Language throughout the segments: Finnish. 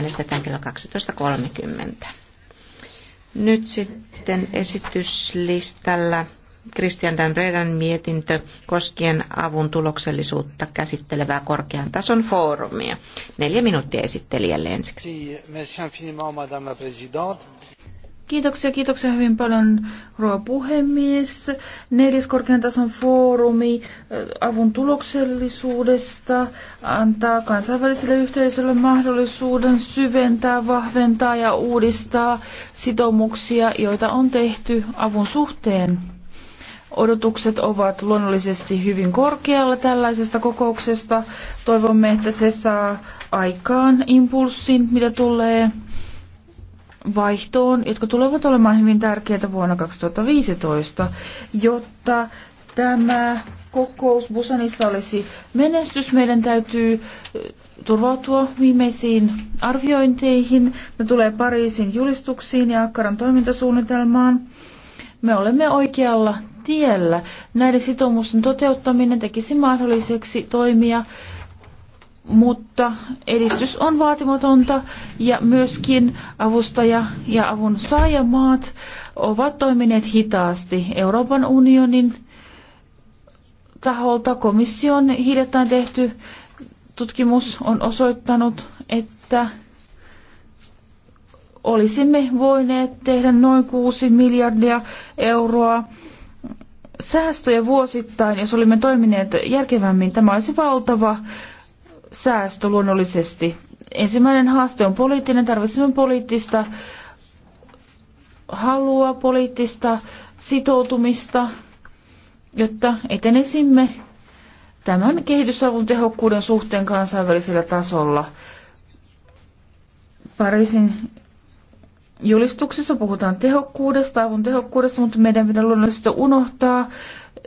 äänestetään kello 12.30. Nyt sitten esityslistalla Christian Dan Bredan mietintö koskien avun tuloksellisuutta käsittelevää korkean tason foorumia. Neljä minuuttia esittelijälle ensiksi. Merci infiniment, madame la présidente. Kiitoksia, kiitoksia hyvin paljon rouva puhemies. Neljäs korkean tason foorumi äh, avun tuloksellisuudesta antaa kansainväliselle yhteisölle mahdollisuuden syventää, vahventaa ja uudistaa sitoumuksia, joita on tehty avun suhteen. Odotukset ovat luonnollisesti hyvin korkealla tällaisesta kokouksesta. Toivomme, että se saa aikaan impulssin, mitä tulee vaihtoon, jotka tulevat olemaan hyvin tärkeitä vuonna 2015, jotta tämä kokous Busanissa olisi menestys. Meidän täytyy eh, turvautua viimeisiin arviointeihin. Me tulee Pariisin julistuksiin ja Akkaran toimintasuunnitelmaan. Me olemme oikealla tiellä. Näiden sitoumusten toteuttaminen tekisi mahdolliseksi toimia mutta edistys on vaatimatonta ja myöskin avustaja ja avun saajamaat ovat toimineet hitaasti. Euroopan unionin taholta komission hiljattain tehty tutkimus on osoittanut, että olisimme voineet tehdä noin 6 miljardia euroa säästöjä vuosittain, jos olimme toimineet järkevämmin. Tämä olisi valtava säästö luonnollisesti. Ensimmäinen haaste on poliittinen. Tarvitsemme poliittista halua, poliittista sitoutumista, jotta etenisimme tämän kehitysavun tehokkuuden suhteen kansainvälisellä tasolla. Pariisin julistuksessa puhutaan tehokkuudesta, avun tehokkuudesta, mutta meidän pitää luonnollisesti unohtaa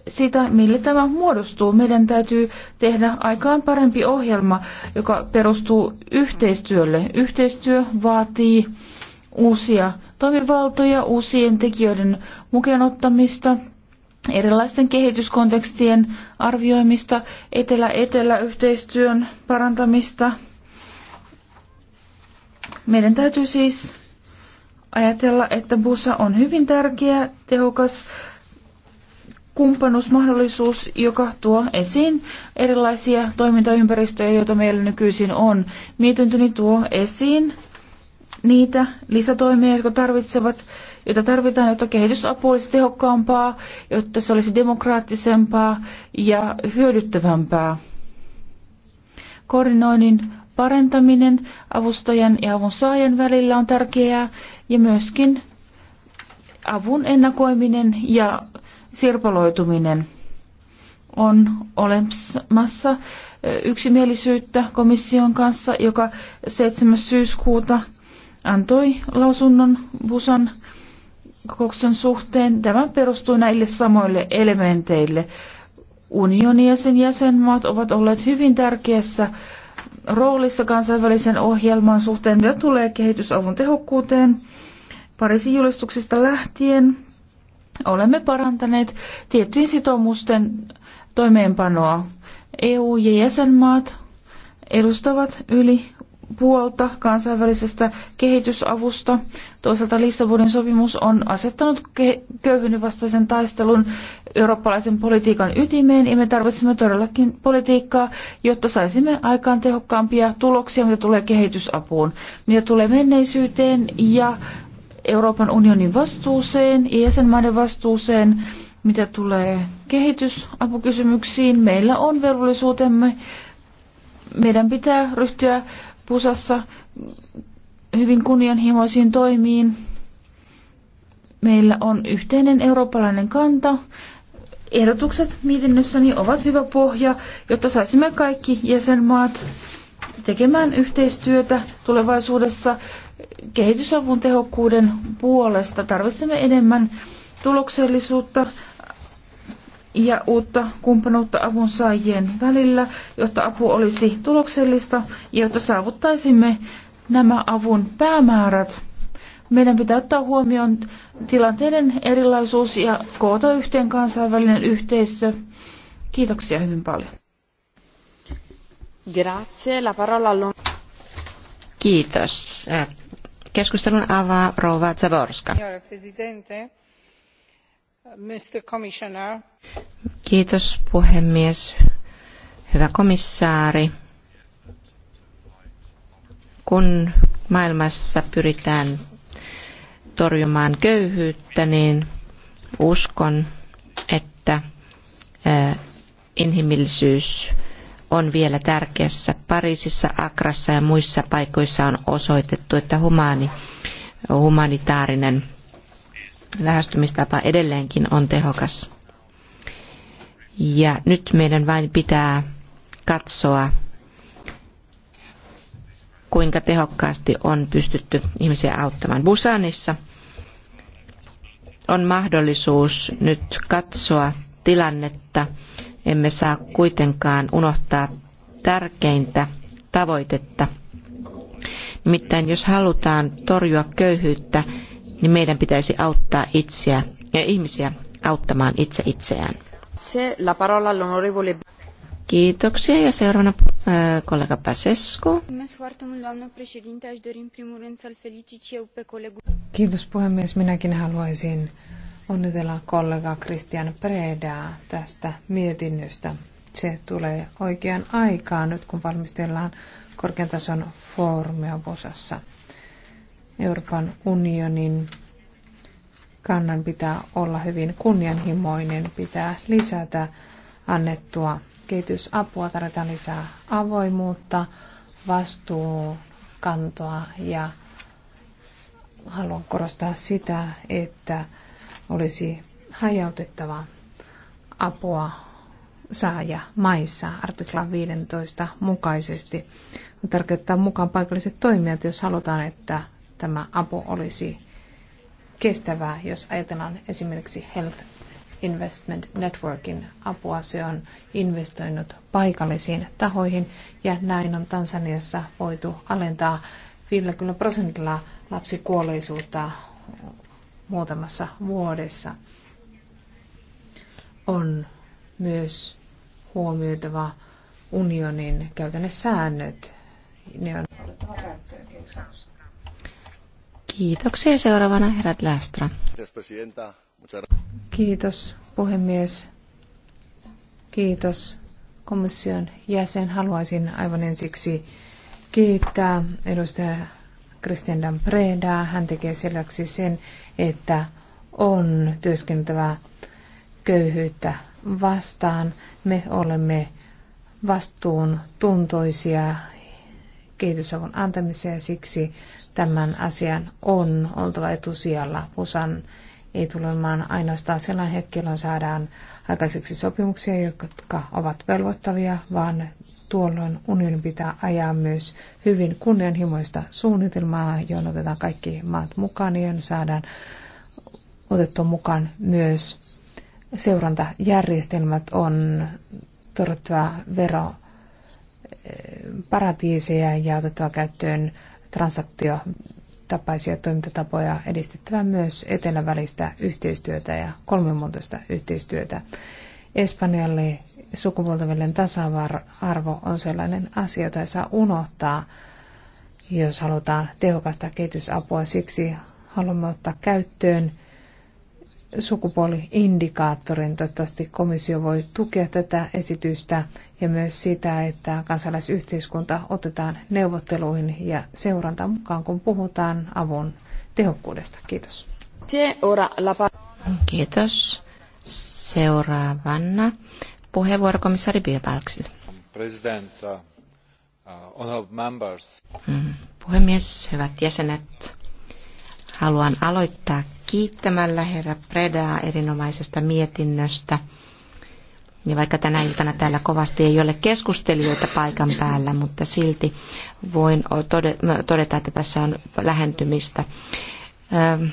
siitä, millä tämä muodostuu. Meidän täytyy tehdä aikaan parempi ohjelma, joka perustuu yhteistyölle. Yhteistyö vaatii uusia toimivaltoja, uusien tekijöiden mukaan erilaisten kehityskontekstien arvioimista, etelä-etelä-yhteistyön parantamista. Meidän täytyy siis ajatella, että BUSA on hyvin tärkeä, tehokas kumppanuusmahdollisuus, joka tuo esiin erilaisia toimintaympäristöjä, joita meillä nykyisin on. Mietintöni tuo esiin niitä lisätoimia, jotka tarvitsevat, joita tarvitaan, jotta kehitysapu olisi tehokkaampaa, jotta se olisi demokraattisempaa ja hyödyttävämpää. Koordinoinnin parantaminen avustajan ja avun saajan välillä on tärkeää ja myöskin avun ennakoiminen ja sirpaloituminen on olemassa yksimielisyyttä komission kanssa, joka 7. syyskuuta antoi lausunnon Busan kokouksen suhteen. Tämä perustuu näille samoille elementeille. Unioni ja sen jäsenmaat ovat olleet hyvin tärkeässä roolissa kansainvälisen ohjelman suhteen, mitä tulee kehitysavun tehokkuuteen. Pariisin julistuksista lähtien olemme parantaneet tiettyjen sitoumusten toimeenpanoa. EU ja jäsenmaat edustavat yli puolta kansainvälisestä kehitysavusta. Toisaalta Lissabonin sopimus on asettanut köyhyyden vastaisen taistelun eurooppalaisen politiikan ytimeen, ja me tarvitsemme todellakin politiikkaa, jotta saisimme aikaan tehokkaampia tuloksia, mitä tulee kehitysapuun, mitä tulee menneisyyteen ja Euroopan unionin vastuuseen ja jäsenmaiden vastuuseen, mitä tulee kehitysapukysymyksiin. Meillä on velvollisuutemme. Meidän pitää ryhtyä pusassa hyvin kunnianhimoisiin toimiin. Meillä on yhteinen eurooppalainen kanta. Ehdotukset mietinnössäni ovat hyvä pohja, jotta saisimme kaikki jäsenmaat tekemään yhteistyötä tulevaisuudessa kehitysavun tehokkuuden puolesta. Tarvitsemme enemmän tuloksellisuutta ja uutta kumppanuutta avun saajien välillä, jotta apu olisi tuloksellista ja jotta saavuttaisimme nämä avun päämäärät. Meidän pitää ottaa huomioon tilanteiden erilaisuus ja koota yhteen kansainvälinen yhteisö. Kiitoksia hyvin paljon. Grazie, la parola Kiitos. Keskustelun avaa Rova Zaborska. Kiitos puhemies. Hyvä komissaari. Kun maailmassa pyritään torjumaan köyhyyttä, niin uskon, että eh, inhimillisyys on vielä tärkeässä. Pariisissa, Akrassa ja muissa paikoissa on osoitettu, että humani, humanitaarinen lähestymistapa edelleenkin on tehokas. Ja nyt meidän vain pitää katsoa, kuinka tehokkaasti on pystytty ihmisiä auttamaan. Busanissa on mahdollisuus nyt katsoa tilannetta emme saa kuitenkaan unohtaa tärkeintä tavoitetta. Nimittäin jos halutaan torjua köyhyyttä, niin meidän pitäisi auttaa itseä ja ihmisiä auttamaan itse itseään. Se la parola all'onorevole Kiitoksia ja seuraavana äh, kollega Pasescu. Kiitos puhemies. Minäkin haluaisin onnitellaan kollega Christian Predaa tästä mietinnöstä. Se tulee oikeaan aikaan nyt, kun valmistellaan korkean tason foorumia Bosassa. Euroopan unionin kannan pitää olla hyvin kunnianhimoinen, pitää lisätä annettua kehitysapua, tarvitaan lisää avoimuutta, vastuukantoa ja haluan korostaa sitä, että olisi hajautettava apua saaja maissa artiklan 15 mukaisesti. Tarkoittaa mukaan paikalliset toimijat, jos halutaan, että tämä apu olisi kestävää. Jos ajatellaan esimerkiksi Health Investment Networkin apua, se on investoinut paikallisiin tahoihin ja näin on Tansaniassa voitu alentaa 50 prosentilla lapsikuolleisuutta muutamassa vuodessa. On myös huomioitava unionin käytännön säännöt. Ne on Kiitoksia. Seuraavana herrat Lästra. Kiitos puhemies. Kiitos komission jäsen. Haluaisin aivan ensiksi kiittää edustaja Christian Dampreda. Hän tekee selväksi sen, että on työskentävä köyhyyttä vastaan. Me olemme vastuun tuntoisia kehitysavun antamiseen ja siksi tämän asian on oltava etusijalla Usan ei tule olemaan ainoastaan sellainen hetki, jolloin saadaan aikaiseksi sopimuksia, jotka ovat velvoittavia, vaan tuolloin unionin pitää ajaa myös hyvin kunnianhimoista suunnitelmaa, johon otetaan kaikki maat mukaan, ja saadaan otettu mukaan myös seurantajärjestelmät on torjuttava vero eh, paratiiseja ja otettava käyttöön transaktio tapaisia toimintatapoja edistettävä myös etelävälistä yhteistyötä ja kolmimuotoista yhteistyötä. Espanjalle sukupuolten tasa-arvo on sellainen asia, jota ei saa unohtaa, jos halutaan tehokasta kehitysapua. Siksi haluamme ottaa käyttöön Sukupolli-indikaattorin. Toivottavasti komissio voi tukea tätä esitystä ja myös sitä, että kansalaisyhteiskunta otetaan neuvotteluihin ja seurantaan mukaan, kun puhutaan avun tehokkuudesta. Kiitos. Kiitos. Seuraavana puheenvuoro komissaari Biebalksille. Uh, honorable members. Mm, puhemies, hyvät jäsenet, haluan aloittaa kiittämällä herra Predaa erinomaisesta mietinnöstä. Ja vaikka tänä iltana täällä kovasti ei ole keskustelijoita paikan päällä, mutta silti voin todeta, että tässä on lähentymistä. Ähm,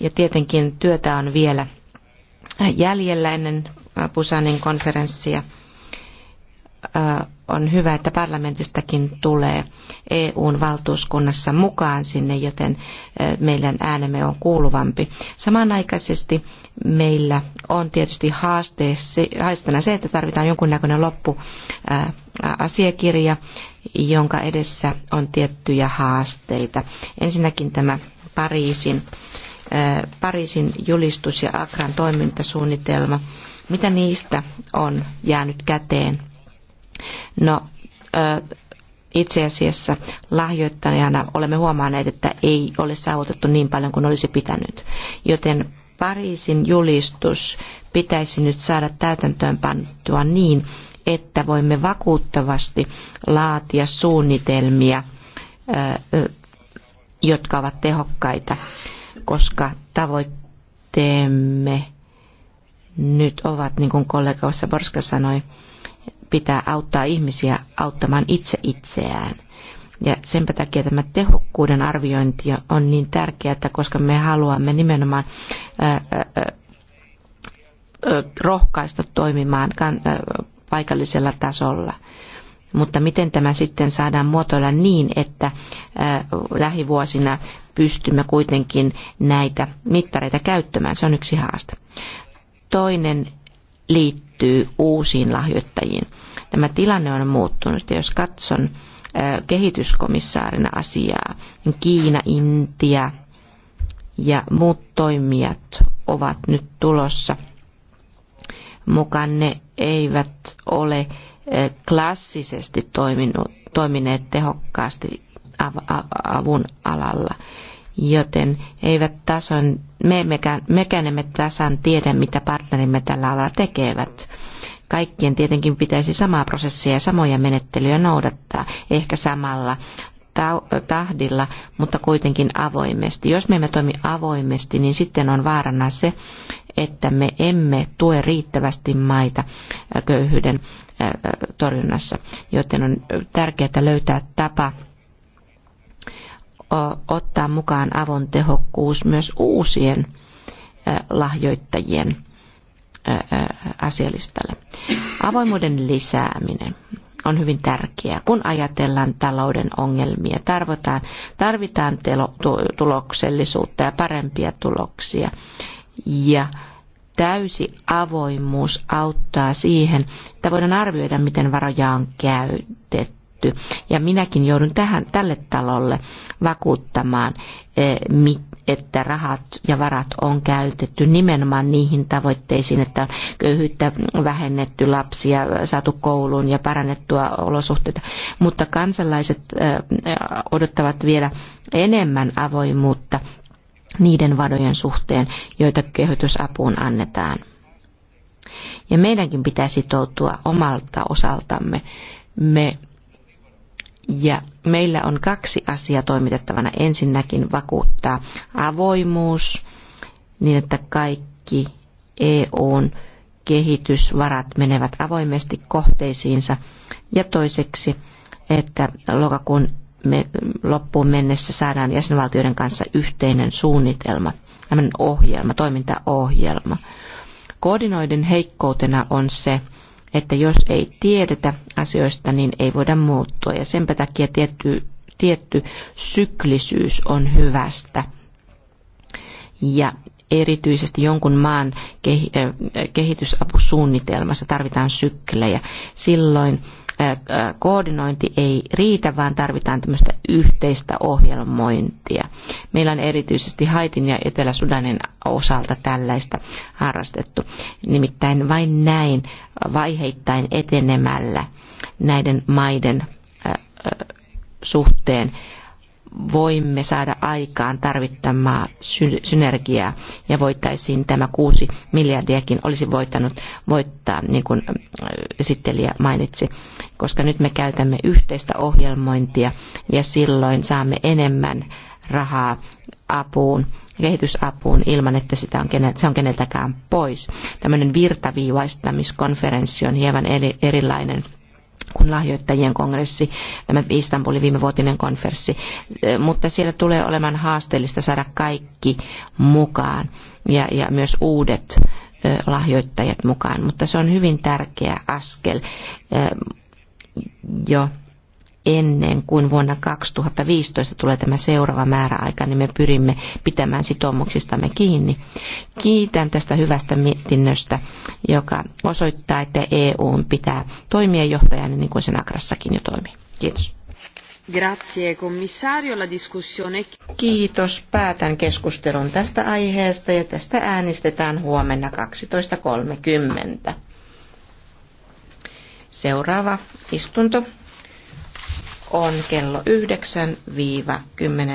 ja tietenkin työtä on vielä jäljellä ennen Busanin konferenssia äh, on hyvä, että parlamentistakin tulee EUn valtuuskunnassa mukaan sinne, joten eh, meidän äänemme on kuuluvampi. Samanaikaisesti meillä on tietysti haasteena se, että tarvitaan jonkunnäköinen loppuasiakirja, eh, jonka edessä on tiettyjä haasteita. Ensinnäkin tämä Pariisin, eh, Pariisin julistus ja Akran toimintasuunnitelma. Mitä niistä on jäänyt käteen? No, itse asiassa lahjoittajana olemme huomanneet, että ei ole saavutettu niin paljon kuin olisi pitänyt. Joten Pariisin julistus pitäisi nyt saada täytäntöön pantua niin, että voimme vakuuttavasti laatia suunnitelmia, jotka ovat tehokkaita, koska tavoitteemme nyt ovat, niin kuin kollega Borska sanoi, pitää auttaa ihmisiä auttamaan itse itseään. Ja senpä takia tämä tehokkuuden arviointi on niin tärkeää, että koska me haluamme nimenomaan rohkaista toimimaan paikallisella tasolla. Mutta miten tämä sitten saadaan muotoilla niin, että lähivuosina pystymme kuitenkin näitä mittareita käyttämään, se on yksi haaste. Toinen liittyy uusiin lahjoittajiin. Tämä tilanne on muuttunut ja jos katson kehityskomissaarina asiaa, niin Kiina, Intia ja muut toimijat ovat nyt tulossa mukaan. Ne eivät ole klassisesti toiminut toimineet tehokkaasti avun alalla joten eivät tason, me mekään, mekään emme tasan tiedä, mitä partnerimme tällä alalla tekevät. Kaikkien tietenkin pitäisi samaa prosessia ja samoja menettelyjä noudattaa, ehkä samalla tahdilla, mutta kuitenkin avoimesti. Jos me emme toimi avoimesti, niin sitten on vaarana se, että me emme tue riittävästi maita äh, köyhyyden äh, äh, torjunnassa, joten on tärkeää löytää tapa ottaa mukaan avon tehokkuus myös uusien lahjoittajien asialistalle. Avoimuuden lisääminen on hyvin tärkeää, kun ajatellaan talouden ongelmia. Tarvitaan, tarvitaan telo, tuloksellisuutta ja parempia tuloksia. Ja täysi avoimuus auttaa siihen, että voidaan arvioida, miten varoja on käytetty tehty. Ja minäkin joudun tähän, tälle talolle vakuuttamaan, eh, että rahat ja varat on käytetty nimenomaan niihin tavoitteisiin, että on köyhyyttä vähennetty, lapsia saatu kouluun ja parannettua olosuhteita. Mutta kansalaiset eh, odottavat vielä enemmän avoimuutta niiden varojen suhteen, joita kehitysapuun annetaan. Ja meidänkin pitää sitoutua omalta osaltamme. Me ja meillä on kaksi asiaa toimitettavana. Ensinnäkin vakuuttaa avoimuus niin, että kaikki EUn kehitysvarat menevät avoimesti kohteisiinsa. Ja toiseksi, että lokakuun me, loppuun mennessä saadaan jäsenvaltioiden kanssa yhteinen suunnitelma, tämmöinen ohjelma, toimintaohjelma. Koordinoiden heikkoutena on se, että jos ei tiedetä, asioista, niin ei voida muuttua. Ja sen takia tietty, tietty syklisyys on hyvästä. Ja erityisesti jonkun maan kehitysapusuunnitelmassa tarvitaan syklejä. Silloin koordinointi ei riitä, vaan tarvitaan tämmöistä yhteistä ohjelmointia. Meillä on erityisesti Haitin ja Etelä-Sudanin osalta tällaista harrastettu. Nimittäin vain näin vaiheittain etenemällä näiden maiden suhteen voimme saada aikaan tarvittamaa synergiaa ja voitaisiin tämä kuusi miljardiakin olisi voittanut voittaa, niin kuin äh, esittelijä mainitsi, koska nyt me käytämme yhteistä ohjelmointia ja silloin saamme enemmän rahaa apuun, kehitysapuun ilman, että sitä on kenel, se on keneltäkään pois. Tämmöinen virtaviivaistamiskonferenssi on hieman eri, erilainen kun lahjoittajien kongressi, tämä Istanbulin viimevuotinen konferenssi. Mutta siellä tulee olemaan haasteellista saada kaikki mukaan ja, ja myös uudet lahjoittajat mukaan. Mutta se on hyvin tärkeä askel jo ennen kuin vuonna 2015 tulee tämä seuraava määräaika, niin me pyrimme pitämään sitoumuksistamme kiinni. Kiitän tästä hyvästä mietinnöstä, joka osoittaa, että EU pitää toimia johtajana niin kuin sen Akrassakin jo toimii. Kiitos. Grazie commissario, la discussione... Kiitos. Päätän keskustelun tästä aiheesta ja tästä äänestetään huomenna 12.30. Seuraava istunto on kello 9-10.